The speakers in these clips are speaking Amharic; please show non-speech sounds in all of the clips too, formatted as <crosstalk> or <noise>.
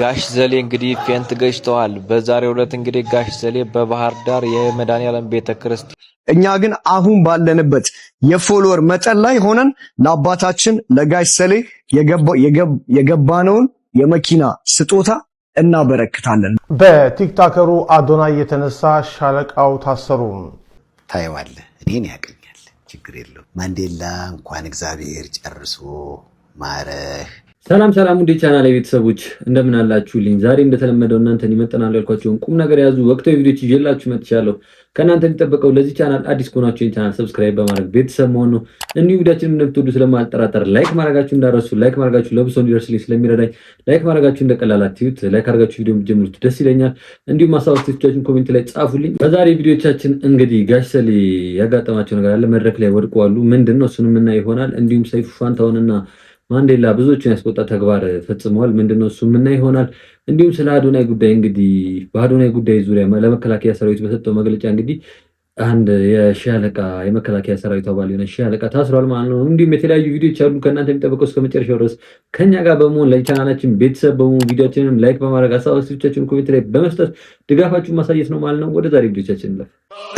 ጋሽ ዘሌ እንግዲህ ፌንት ገጭተዋል። በዛሬው ዕለት እንግዲህ ጋሽ ዘሌ በባህር ዳር የመድኃኔዓለም ቤተክርስቲያን። እኛ ግን አሁን ባለንበት የፎሎወር መጠን ላይ ሆነን ለአባታችን ለጋሽ ዘሌ የገባነውን የመኪና ስጦታ እናበረክታለን። በቲክታከሩ አዶና እየተነሳ ሻለቃው ታሰሩ። ታየዋለ። እኔን ያቀኛል፣ ችግር የለው። ማንዴላ እንኳን እግዚአብሔር ጨርሶ ማረህ ሰላም ሰላም እንዴት ቻናል ቤተሰቦች እንደምን አላችሁልኝ? ዛሬ እንደተለመደው እናንተን ይመጥናሉ ያልኳቸውን ቁም ነገር የያዙ ወቅታዊ ቪዲዮች ይዤላችሁ መጥቻለሁ። ከእናንተ የሚጠበቀው ለዚህ ቻናል አዲስ ከሆናችሁ ቻናል ሰብስክራይብ በማድረግ ቤተሰብ መሆን ነው። እንዲሁ ቪዲዮችን እንደምትወዱ ስለማጠራጠር ላይክ ማድረጋችሁ እንዳረሱ። ላይክ ማድረጋችሁ ለብሶ እንዲደርስልኝ ስለሚረዳኝ ላይክ ማድረጋችሁ እንደቀላላችሁት ላይክ አድርጋችሁ ቪዲዮ ጀምሩት፣ ደስ ይለኛል። እንዲሁም ማሳወስ ቶቻችን ኮሜንት ላይ ጻፉልኝ። በዛሬ ቪዲዮቻችን እንግዲህ ጋሽ ያጋጠማቸው ነገር አለ። መድረክ ላይ ወድቀዋሉ። ምንድን ነው እሱንም የምናየው ይሆናል። እንዲሁም ሰይፉ ፋንታሁንና ማንዴላ ብዙዎችን ያስቆጣ ተግባር ፈጽመዋል። ምንድነው እሱ ምና ይሆናል። እንዲሁም ስለ አዶናይ ጉዳይ እንግዲህ በአዶናይ ጉዳይ ዙሪያ ለመከላከያ ሰራዊት በሰጠው መግለጫ እንግዲህ አንድ የሻለቃ የመከላከያ ሰራዊት አባል የሆነ ሻለቃ ታስሯል ማለት ነው። እንዲሁም የተለያዩ ቪዲዮዎች አሉ። ከእናንተ የሚጠበቀው እስከ መጨረሻው ድረስ ከኛ ጋር በመሆን ለቻናላችን ቤተሰብ በመሆን ቪዲዮችንም ላይክ በማድረግ ሀሳብ ኮሜንት ላይ በመስጠት ድጋፋችሁን ማሳየት ነው ማለት ነው። ወደ ዛሬ ቪዲዮቻችን እንለፍ።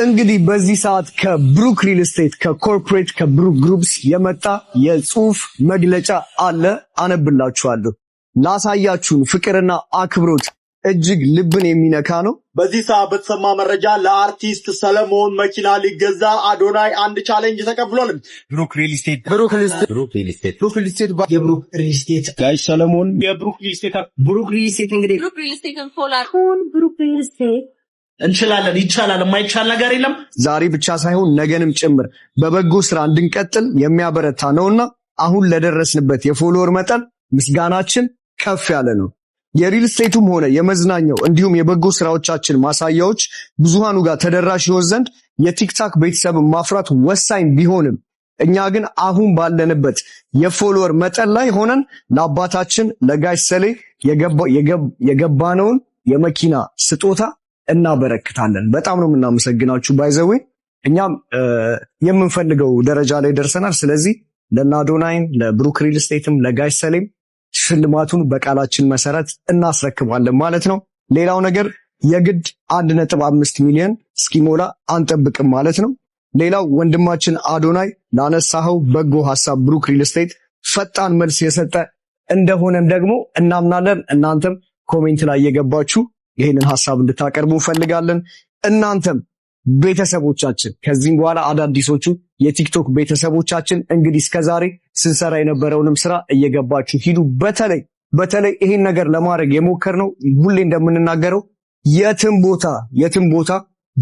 እንግዲህ በዚህ ሰዓት ከብሩክ ሪል ስቴት ከኮርፖሬት ከብሩክ ግሩፕስ የመጣ የጽሁፍ መግለጫ አለ፣ አነብላችኋለሁ። ላሳያችሁን ፍቅርና አክብሮት እጅግ ልብን የሚነካ ነው። በዚህ ሰዓት በተሰማ መረጃ ለአርቲስት ሰለሞን መኪና ሊገዛ አዶናይ አንድ ቻሌንጅ ተቀብሏል። ብሩክ ብሩክ ብሩክ የብሩክ ሰለሞን የብሩክ ብሩክ እንግዲህ ብሩክ ፎላሁን ብሩክ እንችላለን፣ ይቻላል፣ የማይቻል ነገር የለም። ዛሬ ብቻ ሳይሆን ነገንም ጭምር በበጎ ስራ እንድንቀጥል የሚያበረታ ነውና አሁን ለደረስንበት የፎሎወር መጠን ምስጋናችን ከፍ ያለ ነው። የሪል ስቴቱም ሆነ የመዝናኛው እንዲሁም የበጎ ስራዎቻችን ማሳያዎች ብዙሃኑ ጋር ተደራሽ ይሆን ዘንድ የቲክታክ ቤተሰብ ማፍራት ወሳኝ ቢሆንም እኛ ግን አሁን ባለንበት የፎሎወር መጠን ላይ ሆነን ለአባታችን ለጋሽ ሰሌ የገባነውን የመኪና ስጦታ እናበረክታለን። በጣም ነው የምናመሰግናችሁ። ባይዘዌ እኛም የምንፈልገው ደረጃ ላይ ደርሰናል። ስለዚህ ለናዶናይን ለብሩክ ሪል ስቴትም ለጋሽ ሰሌም ሽልማቱን በቃላችን መሰረት እናስረክባለን ማለት ነው። ሌላው ነገር የግድ አንድ ነጥብ አምስት ሚሊዮን እስኪሞላ አንጠብቅም ማለት ነው። ሌላው ወንድማችን አዶናይ ላነሳኸው በጎ ሀሳብ ብሩክ ሪል ስቴት ፈጣን መልስ የሰጠ እንደሆነም ደግሞ እናምናለን። እናንተም ኮሜንት ላይ የገባችሁ ይህንን ሀሳብ እንድታቀርቡ እንፈልጋለን። እናንተም ቤተሰቦቻችን ከዚህም በኋላ አዳዲሶቹ የቲክቶክ ቤተሰቦቻችን እንግዲህ እስከዛሬ ስንሰራ የነበረውንም ስራ እየገባችሁ ሂዱ። በተለይ በተለይ ይሄን ነገር ለማድረግ የሞከር ነው ሁሌ እንደምንናገረው የትም ቦታ የትም ቦታ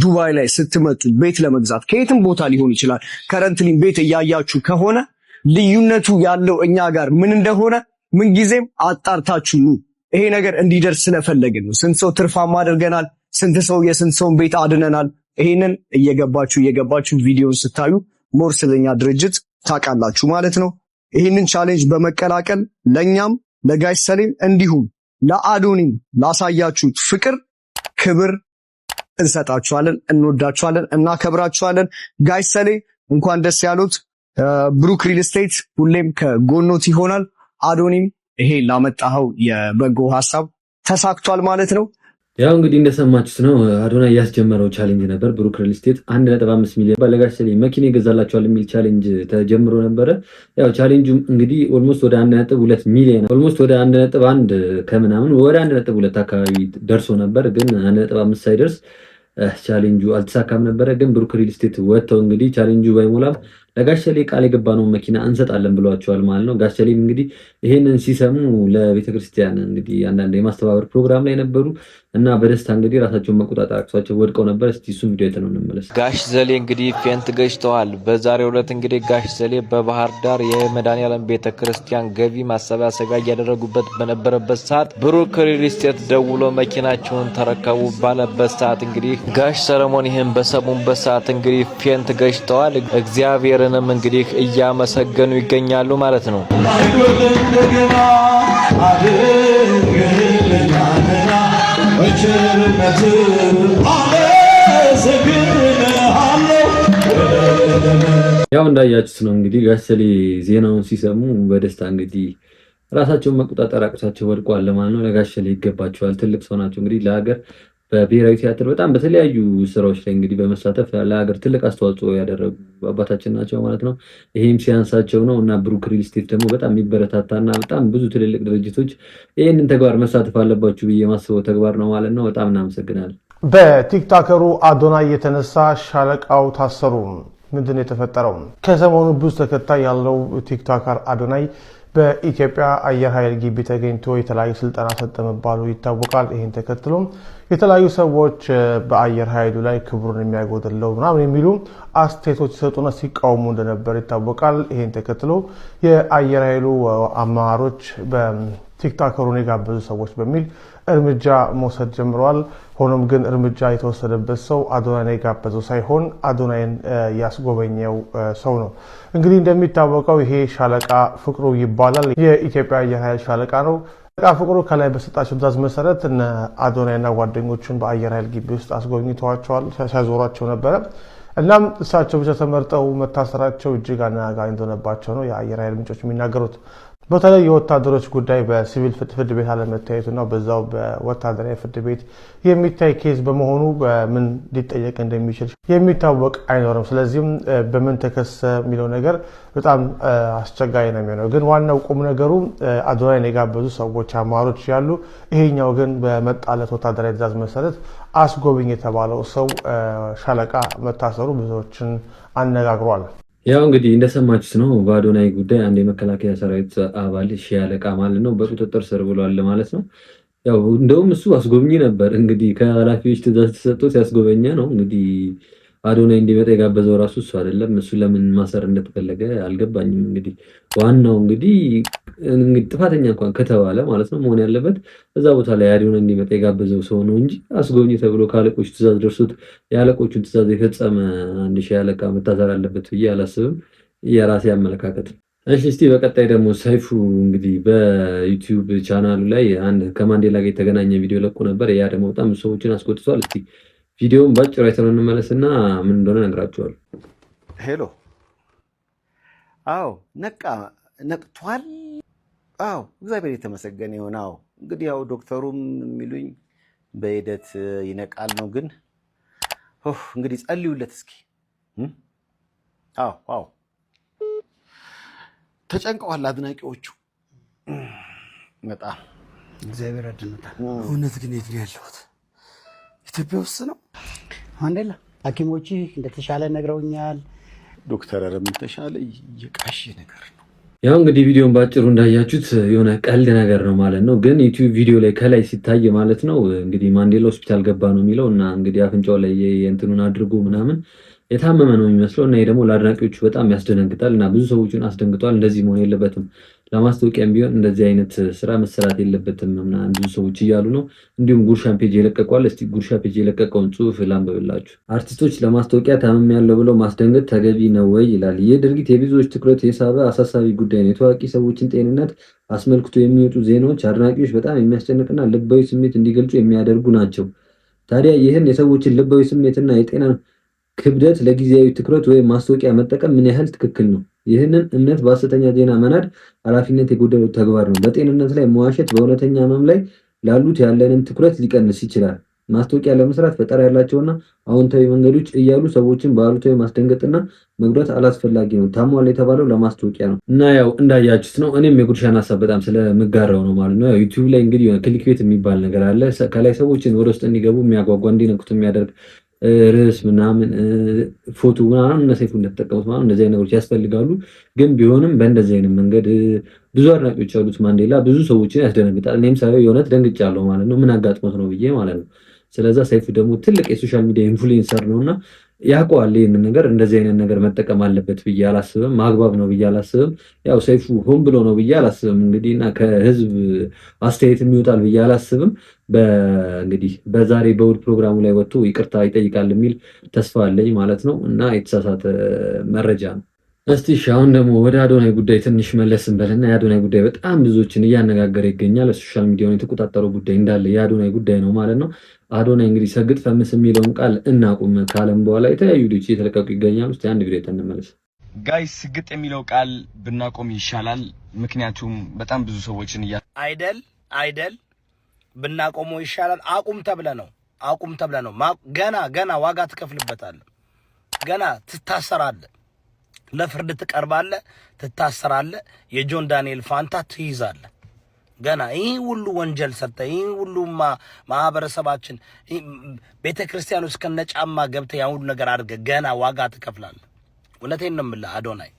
ዱባይ ላይ ስትመጡ ቤት ለመግዛት ከየትም ቦታ ሊሆን ይችላል። ከረንትሊን ቤት እያያችሁ ከሆነ ልዩነቱ ያለው እኛ ጋር ምን እንደሆነ ምንጊዜም አጣርታችሁ ኑ። ይሄ ነገር እንዲደርስ ስለፈለግን ነው። ስንት ሰው ትርፋማ አድርገናል። ስንት ሰው የስንት ሰውን ቤት አድነናል። ይሄንን እየገባችሁ እየገባችሁ ቪዲዮን ስታዩ ሞር ስለኛ ድርጅት ታውቃላችሁ ማለት ነው። ይህንን ቻሌንጅ በመቀላቀል ለእኛም ለጋይ ሰሌም እንዲሁም ለአዶኒም ላሳያችሁት ፍቅር ክብር እንሰጣችኋለን። እንወዳችኋለን፣ እናከብራችኋለን። ጋይ ሰሌ እንኳን ደስ ያሉት። ብሩክ ሪል ስቴት ሁሌም ከጎኖት ይሆናል። አዶኒም ይሄ ላመጣኸው የበጎ ሀሳብ ተሳክቷል ማለት ነው። ያው እንግዲህ እንደሰማችሁት ነው አዶና እያስጀመረው ቻሌንጅ ነበር። ብሩክ ሪል ስቴት አንድ ነጥብ አምስት ሚሊዮን ባለጋሽ ላይ መኪና ይገዛላቸዋል የሚል ቻሌንጅ ተጀምሮ ነበረ። ያው ቻሌንጁ እንግዲህ ኦልሞስት ወደ አንድ ነጥብ ሁለት ሚሊዮን ኦልሞስት ወደ አንድ ነጥብ አንድ ከምናምን ወደ አንድ ነጥብ ሁለት አካባቢ ደርሶ ነበር፣ ግን አንድ ነጥብ አምስት ሳይደርስ ቻሌንጁ አልተሳካም ነበረ። ግን ብሩክ ሪል ስቴት ወጥተው እንግዲህ ቻሌንጁ ባይሞላም ለጋሸሌ ቃል የገባነውን መኪና እንሰጣለን ብሏቸዋል ማለት ነው። ጋሸሌም እንግዲህ ይሄንን ሲሰሙ ለቤተክርስቲያን እንግዲህ አንዳንድ የማስተባበር ፕሮግራም ላይ ነበሩ። እና በደስታ እንግዲህ ራሳቸውን መቆጣጠር አቅቷቸው ወድቀው ነበር። እስቲ እሱን ቪዲዮ አይተነው እንመለስ። ጋሽ ዘሌ እንግዲህ ፌንት ገጭተዋል። በዛሬው ዕለት እንግዲህ ጋሽ ዘሌ በባህር ዳር የመድኃኔዓለም ቤተ ክርስቲያን ገቢ ማሰባሰቢያ እያደረጉበት በነበረበት ሰዓት ብሩክ ሪል ስቴት ደውሎ መኪናቸውን ተረከቡ ባለበት ሰዓት እንግዲህ ጋሽ ሰለሞን ይህን በሰሙበት ሰዓት እንግዲህ ፌንት ገጭተዋል። እግዚአብሔርንም እንግዲህ እያመሰገኑ ይገኛሉ ማለት ነው። በቸርነት ያው እንዳያችሁት ነው እንግዲህ ጋሸሌ ዜናውን ሲሰሙ በደስታ እንግዲህ ራሳቸውን መቆጣጠር አቅቷቸው ወድቋል ለማለት ነው። ለጋሸሌ ይገባቸዋል። ትልቅ ሰው ናቸው እንግዲህ ለሀገር በብሔራዊ ቲያትር በጣም በተለያዩ ስራዎች ላይ እንግዲህ በመሳተፍ ለሀገር ትልቅ አስተዋጽኦ ያደረጉ አባታችን ናቸው ማለት ነው። ይህም ሲያንሳቸው ነው እና ብሩክ ሪል ስቴት ደግሞ በጣም የሚበረታታ እና በጣም ብዙ ትልልቅ ድርጅቶች ይህንን ተግባር መሳተፍ አለባችሁ ብዬ የማስበው ተግባር ነው ማለት ነው። በጣም እናመሰግናለን። በቲክታከሩ አዶናይ የተነሳ ሻለቃው ታሰሩ። ምንድን ነው የተፈጠረው? ከሰሞኑ ብዙ ተከታይ ያለው ቲክቶከር አዶናይ በኢትዮጵያ አየር ኃይል ግቢ ተገኝቶ የተለያዩ ስልጠና ሰጠ መባሉ ይታወቃል። ይህን ተከትሎም የተለያዩ ሰዎች በአየር ኃይሉ ላይ ክብሩን የሚያጎድለው ምናምን የሚሉ አስተያየቶች ሲሰጡና ሲቃውሙ እንደነበር ይታወቃል። ይህን ተከትሎ የአየር ኃይሉ አመራሮች በቲክታከሩን የጋበዙ ሰዎች በሚል እርምጃ መውሰድ ጀምረዋል። ሆኖም ግን እርምጃ የተወሰደበት ሰው አዶናይን የጋበዘው ሳይሆን አዶናይን ያስጎበኘው ሰው ነው። እንግዲህ እንደሚታወቀው ይሄ ሻለቃ ፍቅሩ ይባላል። የኢትዮጵያ አየር ኃይል ሻለቃ ነው። ሻለቃ ፍቅሩ ከላይ በሰጣቸው ትዕዛዝ መሰረት እነ አዶናይና ጓደኞቹን በአየር ኃይል ግቢ ውስጥ አስጎብኝተዋቸዋል፣ ሲያዞሯቸው ነበረ። እናም እሳቸው ብቻ ተመርጠው መታሰራቸው እጅግ አነጋጋሪ እንደሆነባቸው ነው የአየር ኃይል ምንጮች የሚናገሩት። በተለይ የወታደሮች ጉዳይ በሲቪል ፍርድ ቤት አለመታየቱ ነው በዛው በወታደራዊ ፍርድ ቤት የሚታይ ኬዝ በመሆኑ ምን ሊጠየቅ እንደሚችል የሚታወቅ አይኖርም። ስለዚህም በምን ተከሰ የሚለው ነገር በጣም አስቸጋሪ ነው የሚሆነው። ግን ዋናው ቁም ነገሩ አዶናይን የጋበዙ ሰዎች አማሮች ያሉ፣ ይሄኛው ግን በመጣለት ወታደራዊ ትዛዝ መሰረት አስጎብኝ የተባለው ሰው ሻለቃ መታሰሩ ብዙዎችን አነጋግሯል። ያው እንግዲህ እንደሰማችሁት ነው። በአዶናይ ጉዳይ አንድ የመከላከያ ሰራዊት አባል ሺህ አለቃ ማለት ነው በቁጥጥር ስር ብሏል ማለት ነው። ያው እንደውም እሱ አስጎብኝ ነበር እንግዲህ ከኃላፊዎች ትእዛዝ ተሰጥቶ ሲያስጎበኛ ነው እንግዲህ አዶናይ እንዲመጣ የጋበዘው ራሱ እሱ አይደለም። እሱ ለምን ማሰር እንደተፈለገ አልገባኝም። እንግዲህ ዋናው እንግዲህ ጥፋተኛ እንኳን ከተባለ ማለት ነው መሆን ያለበት እዛ ቦታ ላይ አዶናይ እንዲመጣ የጋበዘው ሰው ነው እንጂ አስጎብኝ ተብሎ ከአለቆች ትዛዝ ደርሶት የአለቆቹን ትዛዝ የፈጸመ አንድ ሺህ አለቃ መታሰር አለበት ብዬ አላስብም። የራሴ አመለካከት ነው። እሺ እስቲ በቀጣይ ደግሞ ሰይፉ እንግዲህ በዩቲዩብ ቻናሉ ላይ አንድ ከማንዴላ ጋር የተገናኘ ቪዲዮ ለቆ ነበር። ያ ደግሞ በጣም ሰዎችን አስቆጥቷል። እስቲ ቪዲዮውን ባጭሩ አይተነው እንመለስና ምን እንደሆነ እነግራቸዋለሁ። ሄሎ፣ አዎ፣ ነቃ ነቅቷል። አዎ፣ እግዚአብሔር የተመሰገነ ይሁን። አዎ፣ እንግዲህ ያው ዶክተሩም የሚሉኝ በሂደት ይነቃል ነው። ግን እንግዲህ ጸልዩለት እስኪ። አዎ፣ አዎ፣ ተጨንቀዋል አድናቂዎቹ በጣም እግዚአብሔር አድነታል። እውነት ግን የት ነው ያለሁት? ኢትዮጵያ ውስጥ ነው። አንደላ ሐኪሞች እንደተሻለ ነግረውኛል። ዶክተር ረምን ተሻለ የቃሽ ነገር ነው። ያው እንግዲህ ቪዲዮን ባጭሩ እንዳያችሁት የሆነ ቀልድ ነገር ነው ማለት ነው። ግን ዩቲዩብ ቪዲዮ ላይ ከላይ ሲታይ ማለት ነው እንግዲህ ማንዴላ ሆስፒታል ገባ ነው የሚለው እና እንግዲህ አፍንጫው ላይ የእንትኑን አድርጎ ምናምን የታመመ ነው የሚመስለው እና ይህ ደግሞ ለአድናቂዎቹ በጣም ያስደነግጣል እና ብዙ ሰዎችን አስደንግጧል። እንደዚህ መሆን የለበትም። ለማስታወቂያ ቢሆን እንደዚህ አይነት ስራ መሰራት የለበትም ምናምን ብዙ ሰዎች እያሉ ነው። እንዲሁም ጉርሻን ፔጅ የለቀቀዋል። እስቲ ጉርሻ ፔጅ የለቀቀውን ጽሁፍ ላንብብላችሁ። አርቲስቶች ለማስታወቂያ ታመም ያለው ብለው ማስደንገጥ ተገቢ ነው ወይ ይላል። ይህ ድርጊት የብዙዎች ትኩረት የሳበ አሳሳቢ ጉዳይ ነው። የታዋቂ ሰዎችን ጤንነት አስመልክቶ የሚወጡ ዜናዎች አድናቂዎች በጣም የሚያስጨንቅና ልባዊ ስሜት እንዲገልጹ የሚያደርጉ ናቸው። ታዲያ ይህን የሰዎችን ልባዊ ስሜትና የጤና ክብደት ለጊዜያዊ ትኩረት ወይም ማስታወቂያ መጠቀም ምን ያህል ትክክል ነው? ይህንን እምነት በሐሰተኛ ዜና መናድ ኃላፊነት የጎደለ ተግባር ነው። በጤንነት ላይ መዋሸት በእውነተኛ ህመም ላይ ላሉት ያለንን ትኩረት ሊቀንስ ይችላል። ማስታወቂያ ለመስራት ፈጠራ ያላቸውና አዎንታዊ መንገዶች እያሉ ሰዎችን በአሉታዊ ማስደንገጥና መጉዳት አላስፈላጊ ነው። ታሟል የተባለው ለማስታወቂያ ነው እና ያው እንዳያችሁት ነው። እኔም የጉድሻን ሀሳብ በጣም ስለምጋራው ነው ማለት ነው። ዩቲዩብ ላይ እንግዲህ ክሊክቤት የሚባል ነገር አለ። ከላይ ሰዎችን ወደ ውስጥ እንዲገቡ የሚያጓጓ እንዲነኩት የሚያደርግ ርዕስ ምናምን ፎቶ ምናምን እነ ሰይፉ እንደተጠቀሙት ማለት እንደዚህ ነገሮች ያስፈልጋሉ። ግን ቢሆንም በእንደዚህ አይነት መንገድ ብዙ አድናቂዎች ያሉት ማንዴላ ብዙ ሰዎችን ያስደነግጣል። እኔም ሳይሆን የእውነት ደንግጫለሁ ማለት ነው፣ ምን አጋጥሞት ነው ብዬ ማለት ነው። ስለዛ ሰይፉ ደግሞ ትልቅ የሶሻል ሚዲያ ኢንፍሉዌንሰር ነው እና ያውቀዋል ይህን ነገር። እንደዚህ አይነት ነገር መጠቀም አለበት ብዬ አላስብም። ማግባብ ነው ብዬ አላስብም። ያው ሰይፉ ሆን ብሎ ነው ብዬ አላስብም። እንግዲህ እና ከህዝብ አስተያየት ይወጣል ብዬ አላስብም። እንግዲህ በዛሬ በውድ ፕሮግራሙ ላይ ወጥቶ ይቅርታ ይጠይቃል የሚል ተስፋ አለኝ ማለት ነው እና የተሳሳተ መረጃ ነው። እስቲ አሁን ደግሞ ወደ አዶናይ ጉዳይ ትንሽ መለስ እንበልና የአዶናይ ጉዳይ በጣም ብዙዎችን እያነጋገረ ይገኛል። ሶሻል ሚዲያውን የተቆጣጠረው ጉዳይ እንዳለ የአዶናይ ጉዳይ ነው ማለት ነው። አዶናይ እንግዲህ ሰግጥ ፈምስ የሚለውን ቃል እናቁም ካለም በኋላ የተለያዩ ቪዲዮች እየተለቀቁ ይገኛሉ። እስቲ አንድ ቪዲዮ እንመለስ። ጋይ ስግጥ የሚለው ቃል ብናቆም ይሻላል። ምክንያቱም በጣም ብዙ ሰዎችን እያ አይደል አይደል ብናቆመው ይሻላል። አቁም ተብለ ነው አቁም ተብለ ነው። ገና ገና ዋጋ ትከፍልበታለህ። ገና ትታሰራለህ፣ ለፍርድ ትቀርባለህ፣ ትታሰራለህ። የጆን ዳንኤል ፋንታ ትይዛለህ። ገና ይህ ሁሉ ወንጀል ሰርተህ ይህ ሁሉ ማህበረሰባችን ቤተ ክርስቲያን ውስጥ ከነጫማ ገብተህ ያ ሁሉ ነገር አድርገህ ገና ዋጋ ትከፍላለህ። እውነቴን ነው የምልህ አዶናይ፣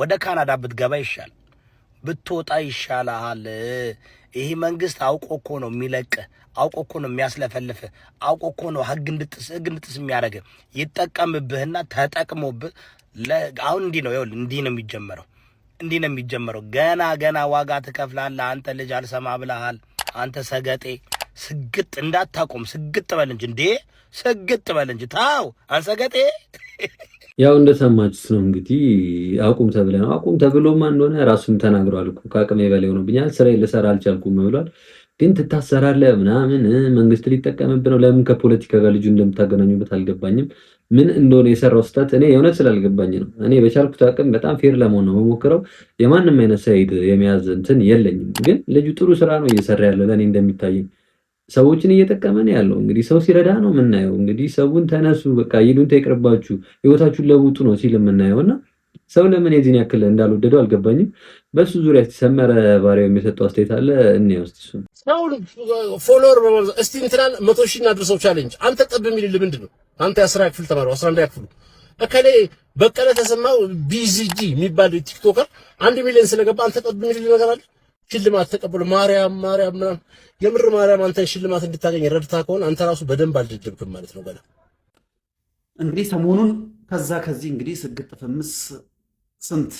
ወደ ካናዳ ብትገባ ይሻል ብትወጣ ይሻልሃል። ይህ መንግስት አውቆ እኮ ነው የሚለቅ፣ አውቆ እኮ ነው የሚያስለፈልፍ፣ አውቆ እኮ ነው ህግ እንድጥስ ህግ እንድጥስ የሚያደርግ ይጠቀምብህና ተጠቅሞብህ። አሁን እንዲህ ነው ይኸውልህ፣ እንዲህ ነው የሚጀመረው፣ እንዲህ ነው የሚጀመረው። ገና ገና ዋጋ ትከፍላለህ አንተ ልጅ አልሰማ ብለሃል አንተ ሰገጤ። ስግጥ እንዳታቆም፣ ስግጥ በል እንጂ እንዴ፣ ስግጥ በል እንጂ ታው አንሰገጤ ያው እንደሰማችሁት ነው እንግዲህ አቁም ተብለ ነው። አቁም ተብሎማ እንደሆነ ራሱም ተናግሯል እኮ ከአቅሜ በላይ ሆኖብኛል፣ ስራ ልሰራ አልቻልኩም ብሏል። ግን ትታሰራለህ ምናምን መንግስት ሊጠቀምብ ነው። ለምን ከፖለቲካ ጋር ልጁ እንደምታገናኙበት አልገባኝም። ምን እንደሆነ የሰራው ስህተት እኔ የእውነት ስላልገባኝ ነው። እኔ በቻልኩት አቅም በጣም ፌር ለመሆን ነው የምሞክረው። የማንም አይነት ሳይድ የመያዝ እንትን የለኝም። ግን ልጁ ጥሩ ስራ ነው እየሰራ ያለ ለእኔ እንደሚታየኝ ሰዎችን እየጠቀመ ነው ያለው። እንግዲህ ሰው ሲረዳ ነው የምናየው። እንግዲህ ሰውን ተነሱ፣ በቃ ይሉኝታ ይቅርባችሁ፣ ህይወታችሁን ለውጡ ነው ሲል የምናየው እና ሰው ለምን የዚህን ያክል እንዳልወደደው አልገባኝም። በሱ ዙሪያ ሰመረ ባሪያው የሚሰጠው አስተያየት አለ። እኔ ውስጥ እሱ ሰው ፎሎወር እስቲ እንትናን መቶ ሺህ እናድርሰው ቻሌንጅ አንተ ጠብ የሚል ልምንድ ነው? አንተ የአስራ ክፍል ተማሪ አስራ አንድ ክፍሉ እከሌ በቀለ ተሰማው ቢዚጂ የሚባል ቲክቶከር አንድ ሚሊዮን ስለገባ አንተ ጠብ የሚል ነገር አለ? ሽልማት ተቀበሉ። ማርያም ማርያም ምናምን የምር ማርያም አንተ ሽልማት እንድታገኝ ረድታ ከሆነ አንተ ራሱ በደንብ አልደደብክም ማለት ነው። ገና እንግዲህ ሰሞኑን ከዛ ከዚህ እንግዲህ ስግጥ ፍምስ ስንት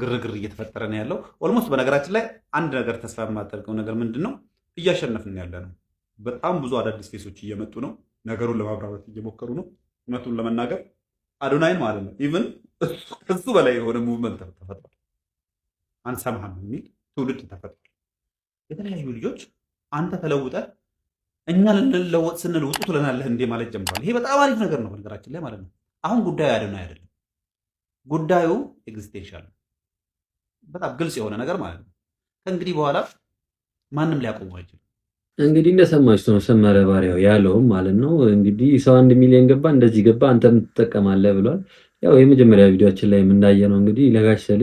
ግርግር እየተፈጠረ ነው ያለው። ኦልሞስት በነገራችን ላይ አንድ ነገር ተስፋ የማታደርገው ነገር ምንድን ነው? እያሸነፍን ያለ ነው። በጣም ብዙ አዳዲስ ፌሶች እየመጡ ነው። ነገሩን ለማብራራት እየሞከሩ ነው። እውነቱን ለመናገር አዶናይን ማለት ነው ኢቨን ከሱ በላይ የሆነ ሙቭመንት ተፈጥሯል። አንሰማህም የሚል ትውልድ ተፈጥሯል። የተለያዩ ልጆች አንተ ተለውጠ እኛ ልንለወጥ ስንል ውጡ ትለናለህ እንዴ ማለት ጀምሯል። ይሄ በጣም አሪፍ ነገር ነው በነገራችን ላይ ማለት ነው። አሁን ጉዳዩ አድን አይደለም፣ ጉዳዩ ኤግዚስቴንሻል ነው። በጣም ግልጽ የሆነ ነገር ማለት ነው። ከእንግዲህ በኋላ ማንም ሊያቆሙ አይችልም። እንግዲህ እንደሰማችሁ ነው ሰመረ ባሪያው ያለውም ማለት ነው። እንግዲህ ሰው አንድ ሚሊዮን ገባ እንደዚህ ገባ አንተም ትጠቀማለህ ብሏል። ያው የመጀመሪያ ቪዲዮችን ላይ የምናየ ነው እንግዲህ ለጋሽ ሰሌ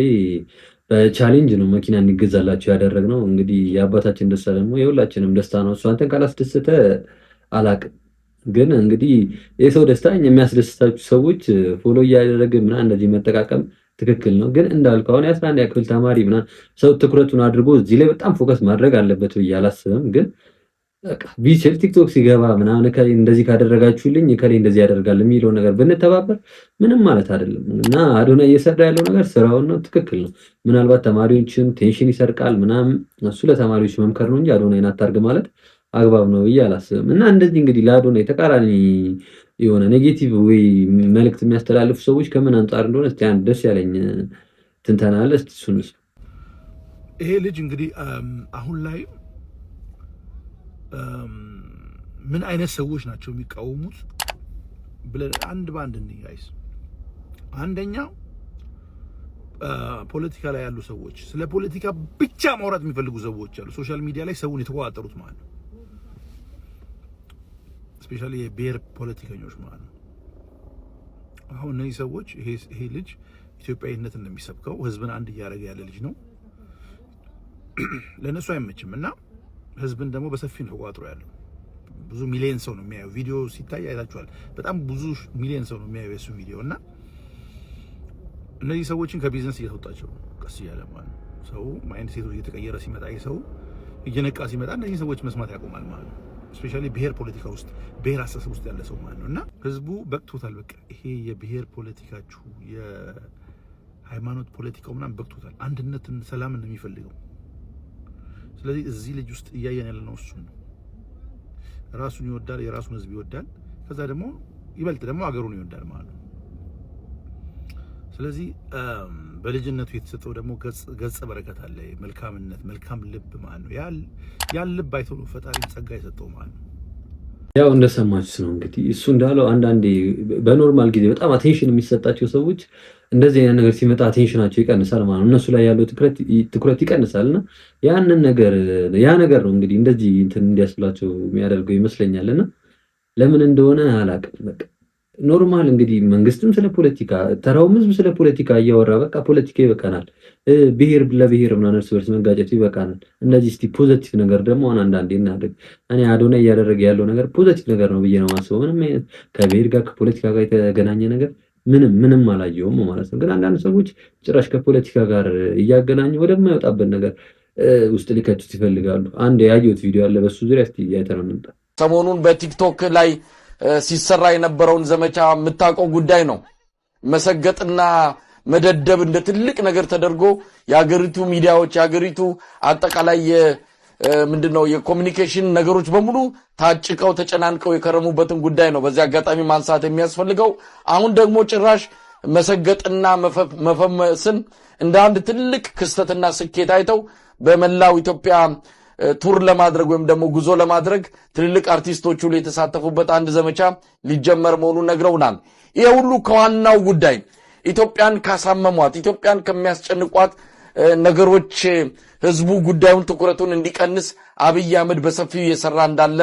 በቻሌንጅ ነው መኪና እንገዛላቸው ያደረግነው። እንግዲህ የአባታችን ደስታ ደግሞ የሁላችንም ደስታ ነው። እሱ አንተን ካላስደሰተ አላቅም። ግን እንግዲህ የሰው ደስታ የሚያስደስታችሁ ሰዎች ፎሎ እያደረገ ምና እንደዚህ መጠቃቀም ትክክል ነው። ግን እንዳልከው አሁን የአስራ አንድ ክፍል ተማሪ ምና ሰው ትኩረቱን አድርጎ እዚህ ላይ በጣም ፎከስ ማድረግ አለበት ብዬ አላስብም ግን ቢችል ቲክቶክ ሲገባ ምናምን እከሌ እንደዚህ ካደረጋችሁልኝ እከሌ እንደዚህ ያደርጋል የሚለው ነገር ብንተባበር ምንም ማለት አይደለም። እና አዶና እየሰራ ያለው ነገር ስራውን ነው፣ ትክክል ነው። ምናልባት ተማሪዎችም ቴንሽን ይሰርቃል ምናምን፣ እሱ ለተማሪዎች መምከር ነው እንጂ አዶናይን ይናታርግ ማለት አግባብ ነው ብዬ አላስብም። እና እንደዚህ እንግዲህ ለአዶናይ የተቃራኒ የሆነ ኔጌቲቭ ወይ መልእክት የሚያስተላልፉ ሰዎች ከምን አንጻር እንደሆነ እስኪ አንድ ደስ ያለኝ ትንተናለ እሱን ይሄ ልጅ እንግዲህ አሁን ላይ ምን አይነት ሰዎች ናቸው የሚቃወሙት ብለን አንድ በአንድ እንያይዝ። አንደኛው ፖለቲካ ላይ ያሉ ሰዎች፣ ስለ ፖለቲካ ብቻ ማውራት የሚፈልጉ ሰዎች አሉ። ሶሻል ሚዲያ ላይ ሰውን የተቆጣጠሩት ማለት ነው። ስፔሻሊ የብሔር ፖለቲከኞች ማለት ነው። አሁን እነዚህ ሰዎች ይሄ ልጅ ኢትዮጵያዊነት እንደሚሰብከው ህዝብን አንድ እያደረገ ያለ ልጅ ነው፣ <clears throat> ለእነሱ አይመችም እና ህዝብን ደግሞ በሰፊ ነው ተቆጣጥሮ ያለው። ብዙ ሚሊዮን ሰው ነው የሚያየው። ቪዲዮ ሲታይ አይታችኋል። በጣም ብዙ ሚሊዮን ሰው ነው የሚያየው የሱ ቪዲዮ እና እነዚህ ሰዎችን ከቢዝነስ እያስወጣቸው ቀስ እያለ ማለት ነው። ሰው ማይንድ ሴቶች እየተቀየረ ሲመጣ ሰው እየነቃ ሲመጣ እነዚህ ሰዎች መስማት ያቆማል ማለት ነው። እስፔሻሊ ብሄር ፖለቲካ ውስጥ ብሄር አስተሳሰብ ውስጥ ያለ ሰው ማለት ነው እና ህዝቡ በቅቶታል። በቃ ይሄ የብሔር ፖለቲካችሁ የሃይማኖት ፖለቲካው ምናምን በቅቶታል። አንድነትን፣ ሰላምን ነው የሚፈልገው። ስለዚህ እዚህ ልጅ ውስጥ እያየን ያለነው እሱን ነው። ራሱን ይወዳል፣ የራሱን ህዝብ ይወዳል። ከዛ ደግሞ ይበልጥ ደግሞ ሀገሩን ይወዳል ማለት ነው። ስለዚህ በልጅነቱ የተሰጠው ደግሞ ገጸ በረከት አለ፣ መልካምነት፣ መልካም ልብ ማለት ነው። ያን ልብ አይቶ ነው ፈጣሪም ጸጋ የሰጠው ማለት ነው። ያው እንደሰማችሁት ነው እንግዲህ እሱ እንዳለው አንዳንዴ በኖርማል ጊዜ በጣም አቴንሽን የሚሰጣቸው ሰዎች እንደዚህ አይነት ነገር ሲመጣ አቴንሽናቸው ይቀንሳል ማለት ነው። እነሱ ላይ ያለው ትኩረት ይቀንሳል እና ያንን ነገር ያ ነገር ነው እንግዲህ እንደዚህ እንትን እንዲያስብላቸው የሚያደርገው ይመስለኛል እና ለምን እንደሆነ አላውቅም በቃ ኖርማል እንግዲህ መንግስትም ስለ ፖለቲካ ተራውም ህዝብ ስለ ፖለቲካ እያወራ በቃ ፖለቲካ ይበቃናል፣ ብሄር ለብሄር ምናምን እርስ በርስ መጋጨቱ ይበቃናል። እንደዚህ እስቲ ፖዘቲቭ ነገር ደግሞ አሁን አንዳንዴ እናድርግ። እኔ አዶናይ እያደረገ ያለው ነገር ፖዘቲቭ ነገር ነው ብዬ ነው የማስበው። ምንም አይነት ከብሔር ጋር ከፖለቲካ ጋር የተገናኘ ነገር ምንም ምንም አላየውም ማለት ነው። ግን አንዳንድ ሰዎች ጭራሽ ከፖለቲካ ጋር እያገናኙ ወደማይወጣበት ነገር ውስጥ ሊከቱት ይፈልጋሉ። አንድ ያየሁት ቪዲዮ አለ በሱ ዙሪያ እስቲ አይተነው እንምጣ። ሰሞኑን በቲክቶክ ላይ ሲሰራ የነበረውን ዘመቻ የምታውቀው ጉዳይ ነው። መሰገጥና መደደብ እንደ ትልቅ ነገር ተደርጎ የአገሪቱ ሚዲያዎች የአገሪቱ አጠቃላይ ምንድነው ነው የኮሚኒኬሽን ነገሮች በሙሉ ታጭቀው ተጨናንቀው የከረሙበትን ጉዳይ ነው በዚህ አጋጣሚ ማንሳት የሚያስፈልገው። አሁን ደግሞ ጭራሽ መሰገጥና መፈመስን እንደ አንድ ትልቅ ክስተትና ስኬት አይተው በመላው ኢትዮጵያ ቱር ለማድረግ ወይም ደግሞ ጉዞ ለማድረግ ትልልቅ አርቲስቶች ሁሉ የተሳተፉበት አንድ ዘመቻ ሊጀመር መሆኑን ነግረውናል። ይሄ ሁሉ ከዋናው ጉዳይ ኢትዮጵያን ካሳመሟት፣ ኢትዮጵያን ከሚያስጨንቋት ነገሮች ህዝቡ ጉዳዩን ትኩረቱን እንዲቀንስ አብይ አህመድ በሰፊው እየሰራ እንዳለ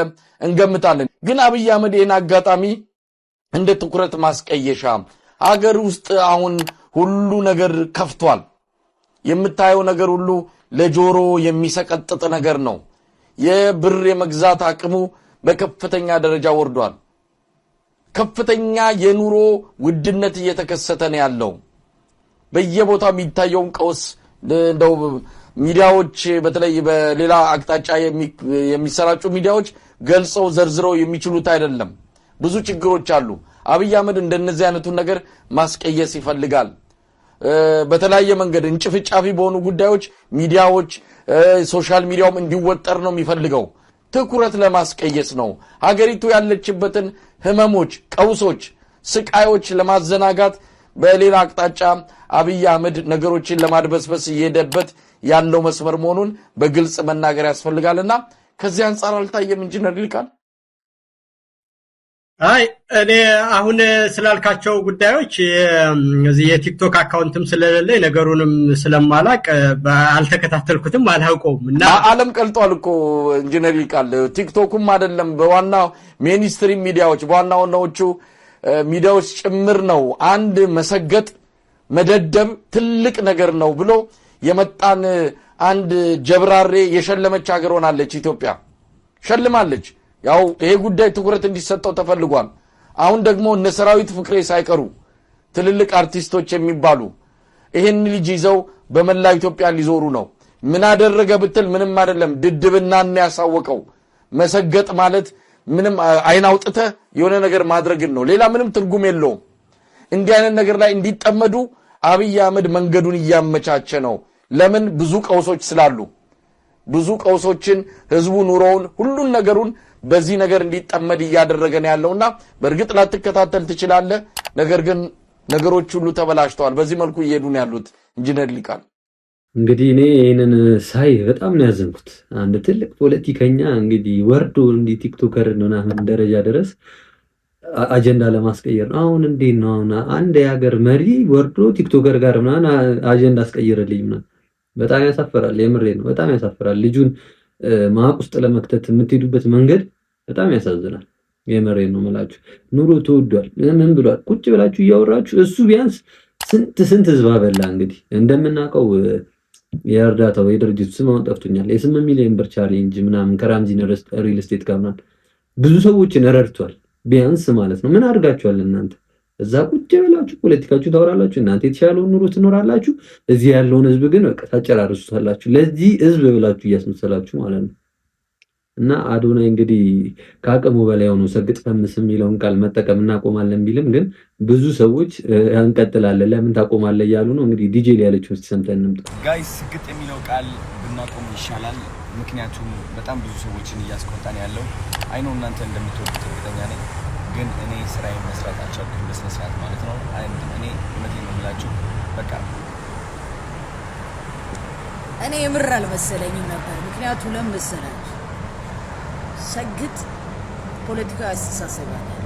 እንገምታለን። ግን አብይ አህመድ ይህን አጋጣሚ እንደ ትኩረት ማስቀየሻ ሀገር ውስጥ አሁን ሁሉ ነገር ከፍቷል። የምታየው ነገር ሁሉ ለጆሮ የሚሰቀጥጥ ነገር ነው። የብር የመግዛት አቅሙ በከፍተኛ ደረጃ ወርዷል። ከፍተኛ የኑሮ ውድነት እየተከሰተ ነው ያለው። በየቦታው የሚታየውን ቀውስ እንደው ሚዲያዎች በተለይ በሌላ አቅጣጫ የሚሰራጩ ሚዲያዎች ገልጸው ዘርዝረው የሚችሉት አይደለም። ብዙ ችግሮች አሉ። አብይ አህመድ እንደነዚህ አይነቱን ነገር ማስቀየስ ይፈልጋል። በተለያየ መንገድ እንጭፍጫፊ በሆኑ ጉዳዮች ሚዲያዎች፣ ሶሻል ሚዲያውም እንዲወጠር ነው የሚፈልገው። ትኩረት ለማስቀየስ ነው። ሀገሪቱ ያለችበትን ህመሞች፣ ቀውሶች፣ ስቃዮች ለማዘናጋት በሌላ አቅጣጫ አብይ አህመድ ነገሮችን ለማድበስበስ እየሄደበት ያለው መስመር መሆኑን በግልጽ መናገር ያስፈልጋልና ከዚህ አንጻር አልታየም ኢንጂነር ይልቃል። አይ እኔ አሁን ስላልካቸው ጉዳዮች እዚህ የቲክቶክ አካውንትም ስለሌለ ነገሩንም ስለማላቅ አልተከታተልኩትም አላውቀውም። እና ዓለም ቀልጧል እኮ ኢንጂነር ይልቃል። ቲክቶኩም አይደለም በዋና ሚኒስትሪ ሚዲያዎች በዋና ዋናዎቹ ሚዲያዎች ጭምር ነው አንድ መሰገጥ መደደብ ትልቅ ነገር ነው ብሎ የመጣን አንድ ጀብራሬ የሸለመች ሀገር ሆናለች ኢትዮጵያ ሸልማለች። ያው ይሄ ጉዳይ ትኩረት እንዲሰጠው ተፈልጓል። አሁን ደግሞ እነ ሰራዊት ፍቅሬ ሳይቀሩ ትልልቅ አርቲስቶች የሚባሉ ይህን ልጅ ይዘው በመላ ኢትዮጵያ ሊዞሩ ነው። ምን አደረገ ብትል ምንም አይደለም። ድድብና ያሳወቀው መሰገጥ ማለት ምንም አይን አውጥተ የሆነ ነገር ማድረግን ነው። ሌላ ምንም ትርጉም የለውም። እንዲህ አይነት ነገር ላይ እንዲጠመዱ አብይ አህመድ መንገዱን እያመቻቸ ነው። ለምን ብዙ ቀውሶች ስላሉ ብዙ ቀውሶችን ህዝቡ ኑሮውን ሁሉን ነገሩን በዚህ ነገር እንዲጠመድ እያደረገ ነው ያለውና በእርግጥ ላትከታተል ትችላለህ። ነገር ግን ነገሮች ሁሉ ተበላሽተዋል። በዚህ መልኩ እየሄዱ ነው ያሉት። ኢንጂነር ሊቃል እንግዲህ እኔ ይህንን ሳይ በጣም ነው ያዘንኩት። አንድ ትልቅ ፖለቲከኛ እንግዲህ ወርዶ እንዲህ ቲክቶከር ምናምን ደረጃ ድረስ አጀንዳ ለማስቀየር ነው። አሁን እንዴት ነው አሁን አንድ የሀገር መሪ ወርዶ ቲክቶከር ጋር ምናምን አጀንዳ አስቀየረልኝ ምናምን በጣም ያሳፈራል። የምሬ ነው። በጣም ያሳፈራል። ልጁን ማቅ ውስጥ ለመክተት የምትሄዱበት መንገድ በጣም ያሳዝናል። የመሬ ነው ምላችሁ ኑሮ ተወዷል። ምን ብሏል? ቁጭ ብላችሁ እያወራችሁ እሱ ቢያንስ ስንት ስንት ህዝብ አበላ። እንግዲህ እንደምናውቀው የእርዳታው የድርጅቱ ስም አሁን ጠፍቶኛል። የስምንት ሚሊዮን ብር ቻሌንጅ ምናምን ከራምዚ ሪል ስቴት ጋር ምናምን ብዙ ሰዎችን ረድቷል። ቢያንስ ማለት ነው። ምን አድርጋችኋል እናንተ? እዛ ቁጭ ብላችሁ ፖለቲካችሁ ታወራላችሁ። እናንተ የተሻለውን ኑሮ ትኖራላችሁ። እዚህ ያለውን ህዝብ ግን በቃ ታጨራርሱታላችሁ። ለዚህ ህዝብ ብላችሁ እያስመሰላችሁ ማለት ነው። እና አዶናይ እንግዲህ ከአቅሙ በላይ ሆኖ ሰግጥ ፈምስ የሚለውን ቃል መጠቀም እናቆማለን ቢልም ግን ብዙ ሰዎች እንቀጥላለን ለምን ታቆማለ እያሉ ነው። እንግዲህ ዲጄ ሊያለች ውስጥ ሰምተን እንምጣ። ጋይስ ስግጥ የሚለው ቃል ብናቆም ይሻላል። ምክንያቱም በጣም ብዙ ሰዎችን እያስቆጣን ያለው አይኖ እናንተ እንደምትወዱት እርግጠኛ ነኝ። ግን እኔ ስራዬን መስራት አልቻልኩም በስነ ስርዓት ማለት ነው። እኔ እውነቴን የምላችሁ በቃ እኔ የምር አልመሰለኝም ነበር ምክንያቱ ለምን መሰላችሁ የሚሰግጥ ፖለቲካዊ አስተሳሰብ ያለው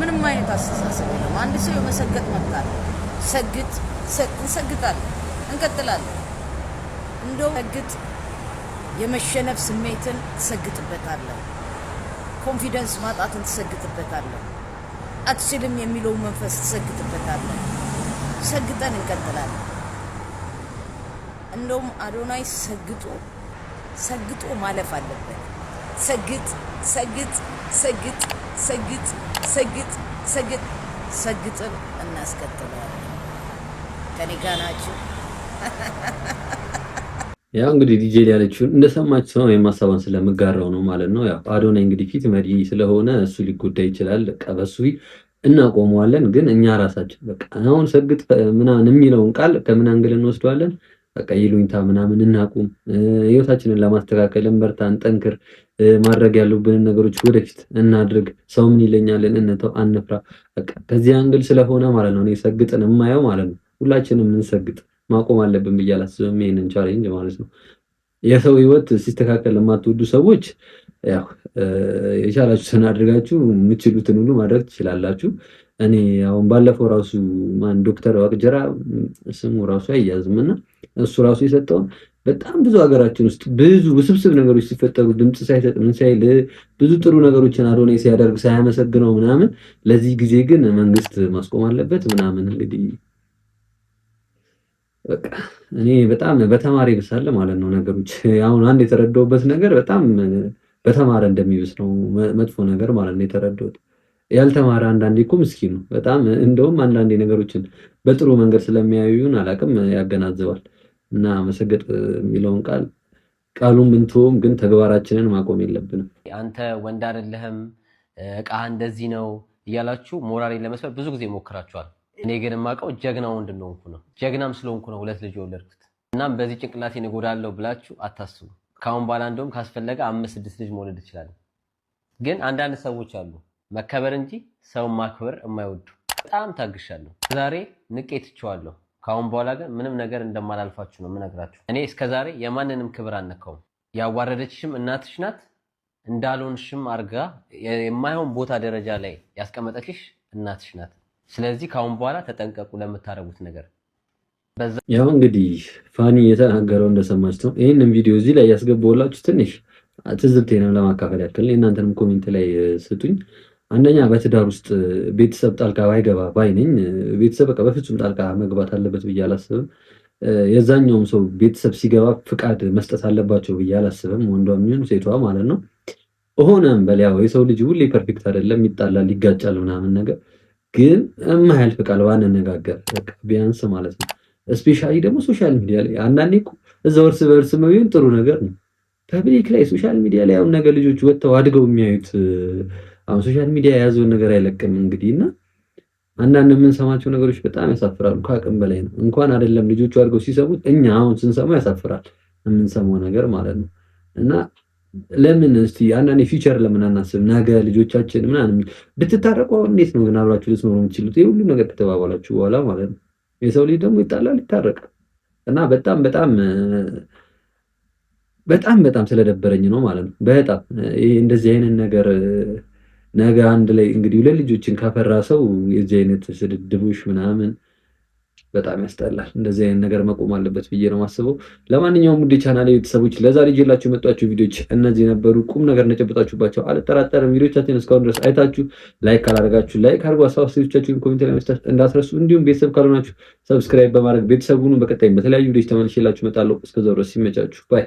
ምንም አይነት አስተሳሰብ የለም። አንድ ሰው የመሰገጥ መብት አለ። ሰግጥ፣ እንሰግጣለን፣ እንቀጥላለን። እንደውም ሰግጥ የመሸነፍ ስሜትን ትሰግጥበታለህ። ኮንፊደንስ ማጣትን ትሰግጥበታለሁ አትችልም የሚለው መንፈስ ትሰግጥበታለህ። ሰግጠን እንቀጥላለን። እንደውም አዶናይ ሰግጦ ሰግጦ ማለፍ አለበት። ሰግጥ ሰግጥ ሰግጥ ሰግጥ ሰግጥ ሰግጥ ሰግጥን እናስከትለዋለን። ከኔ ጋ ናችሁ። <laughs> ያው እንግዲህ ዲጄ ያለችውን እንደሰማችሁ ሰው የማሰባን ስለምጋራው ነው ማለት ነው። ያው አዶናይ እንግዲህ ፊት መሪ ስለሆነ እሱ ሊጎዳ ይችላል። ቀበሱ እናቆመዋለን። ግን እኛ ራሳችን በቃ አሁን ሰግጥ ምናምን የሚለውን ቃል ከምን አንግል እንወስደዋለን? በቃ ይሉኝታ ምናምን እናቁም፣ ህይወታችንን ለማስተካከል እንበርታ፣ እንጠንክር ማድረግ ያሉብንን ነገሮች ወደፊት እናድርግ። ሰው ምን ይለኛልን እንተው፣ አንፍራ። በቃ ከዚህ አንግል ስለሆነ ማለት ነው እኔ ሰግጥን የማየው ማለት ነው። ሁላችንም የምንሰግጥ ማቆም አለብን ብዬ አላስብም፣ ቻሌንጅ ማለት ነው። የሰው ህይወት ሲስተካከል ለማትወዱ ሰዎች ያው የቻላችሁትን አድርጋችሁ የምችሉትን ሁሉ ማድረግ ትችላላችሁ። እኔ አሁን ባለፈው ራሱ ማን ዶክተር ዋቅጀራ ስሙ ራሱ አያያዝም እና እሱ ራሱ የሰጠውን በጣም ብዙ ሀገራችን ውስጥ ብዙ ውስብስብ ነገሮች ሲፈጠሩ ድምፅ ሳይሰጥ ምን ሳይል ብዙ ጥሩ ነገሮችን አዶናይ ሲያደርግ ሳያመሰግነው ምናምን፣ ለዚህ ጊዜ ግን መንግስት ማስቆም አለበት ምናምን። እንግዲህ በቃ እኔ በጣም በተማሪ ብሳለ ማለት ነው ነገሮች <laughs> አሁን አንድ የተረዳውበት ነገር በጣም በተማረ እንደሚብስ ነው መጥፎ ነገር ማለት ነው ያልተማረ አንዳንዴ እኮ ምስኪን ነው በጣም እንደውም አንዳንዴ ነገሮችን በጥሩ መንገድ ስለሚያዩን አላቅም ያገናዝባል እና መሰገጥ የሚለውን ቃል ቃሉን ብንትውም ግን ተግባራችንን ማቆም የለብንም። አንተ ወንድ አይደለህም እቃ እንደዚህ ነው እያላችሁ ሞራሌን ለመስበር ብዙ ጊዜ ሞክራችኋል። እኔ ግን የማውቀው ጀግና ወንድ እንደሆንኩ ነው። ጀግናም ስለሆንኩ ነው ሁለት ልጅ የወለድኩት። እናም በዚህ ጭንቅላቴን እጎዳለሁ ብላችሁ አታስቡ። ከአሁን በኋላ እንደውም ካስፈለገ አምስት ስድስት ልጅ መውለድ ይችላል። ግን አንዳንድ ሰዎች አሉ መከበር እንጂ ሰውን ማክበር የማይወዱ በጣም ታግሻለሁ። ዛሬ ንቄ ትችዋለሁ። ከአሁን በኋላ ግን ምንም ነገር እንደማላልፋችሁ ነው የምነግራችሁ። እኔ እስከዛሬ የማንንም ክብር አልነካውም። ያዋረደችሽም እናትሽ ናት እንዳልሆንሽም አርጋ የማይሆን ቦታ ደረጃ ላይ ያስቀመጠችሽ እናትሽ ናት። ስለዚህ ከአሁን በኋላ ተጠንቀቁ ለምታደርጉት ነገር። ያው እንግዲህ ፋኒ የተናገረው እንደሰማች ነው። ይህንን ቪዲዮ እዚህ ላይ ያስገባውላችሁ ትንሽ ትዝብቴንም ለማካፈል ያክል እናንተንም ኮሜንት ላይ ስጡኝ። አንደኛ በትዳር ውስጥ ቤተሰብ ጣልቃ ባይገባ ባይ ነኝ። ቤተሰብ በቃ በፍጹም ጣልቃ መግባት አለበት ብዬ አላስብም። የዛኛውም ሰው ቤተሰብ ሲገባ ፍቃድ መስጠት አለባቸው ብዬ አላስብም። ወንዷም ይሁን ሴቷ ማለት ነው። ሆነም በሊያው የሰው ልጅ ሁሌ ፐርፌክት አይደለም፣ ይጣላል፣ ይጋጫል ምናምን ነገር ግን የማያልፍ ቃል ባንነጋገር ቢያንስ ማለት ነው። እስፔሻሊ ደግሞ ሶሻል ሚዲያ ላይ አንዳንዴ እኮ እርስ በእርስ መቢሆን ጥሩ ነገር ነው። ፐብሊክ ላይ ሶሻል ሚዲያ ላይ አሁን ነገር ልጆች ወጥተው አድገው የሚያዩት አሁን ሶሻል ሚዲያ የያዘውን ነገር አይለቅም እንግዲህ እና አንዳንድ የምንሰማቸው ነገሮች በጣም ያሳፍራሉ። ከአቅም በላይ ነው። እንኳን አይደለም ልጆቹ አድርገው ሲሰሙት እኛ አሁን ስንሰማው ያሳፍራል የምንሰማው ነገር ማለት ነው። እና ለምን እስቲ አንዳንድ ፊቸር ለምን አናስብ? ነገ ልጆቻችን ምናምን ብትታረቁ እንዴት ነው ግን አብራችሁ ልትኖሩ የምትችሉት? ይህ ሁሉ ነገር ከተባባላችሁ በኋላ ማለት ነው። የሰው ልጅ ደግሞ ይጣላል፣ ይታረቃል። እና በጣም በጣም በጣም በጣም ስለደበረኝ ነው ማለት ነው። በጣም ይሄ እንደዚህ አይነት ነገር ነገ አንድ ላይ እንግዲህ ሁለት ልጆችን ካፈራ ሰው የዚህ አይነት ስድድቦች ምናምን በጣም ያስጠላል። እንደዚህ አይነት ነገር መቆም አለበት ብዬ ነው ማስበው። ለማንኛውም ውድ ቻናል ቤተሰቦች ለዛሬ ይዤላችሁ የመጧቸው ቪዲዮች እነዚህ ነበሩ። ቁም ነገር እንደጨበጣችሁባቸው አልጠራጠርም። ቪዲዮቻችን እስካሁን ድረስ አይታችሁ ላይክ ካላደረጋችሁ ላይክ አድርጉ። ሀሳብ አስተያየቶቻችሁን ኮሜንት ላይ መስጠት እንዳትረሱ። እንዲሁም ቤተሰብ ካልሆናችሁ ሰብስክራይብ በማድረግ ቤተሰቡን በቀጣይ በተለያዩ ቪዲዮች ተመልሼላችሁ እመጣለሁ። እስከዛው ድረስ ሲመቻችሁ ባይ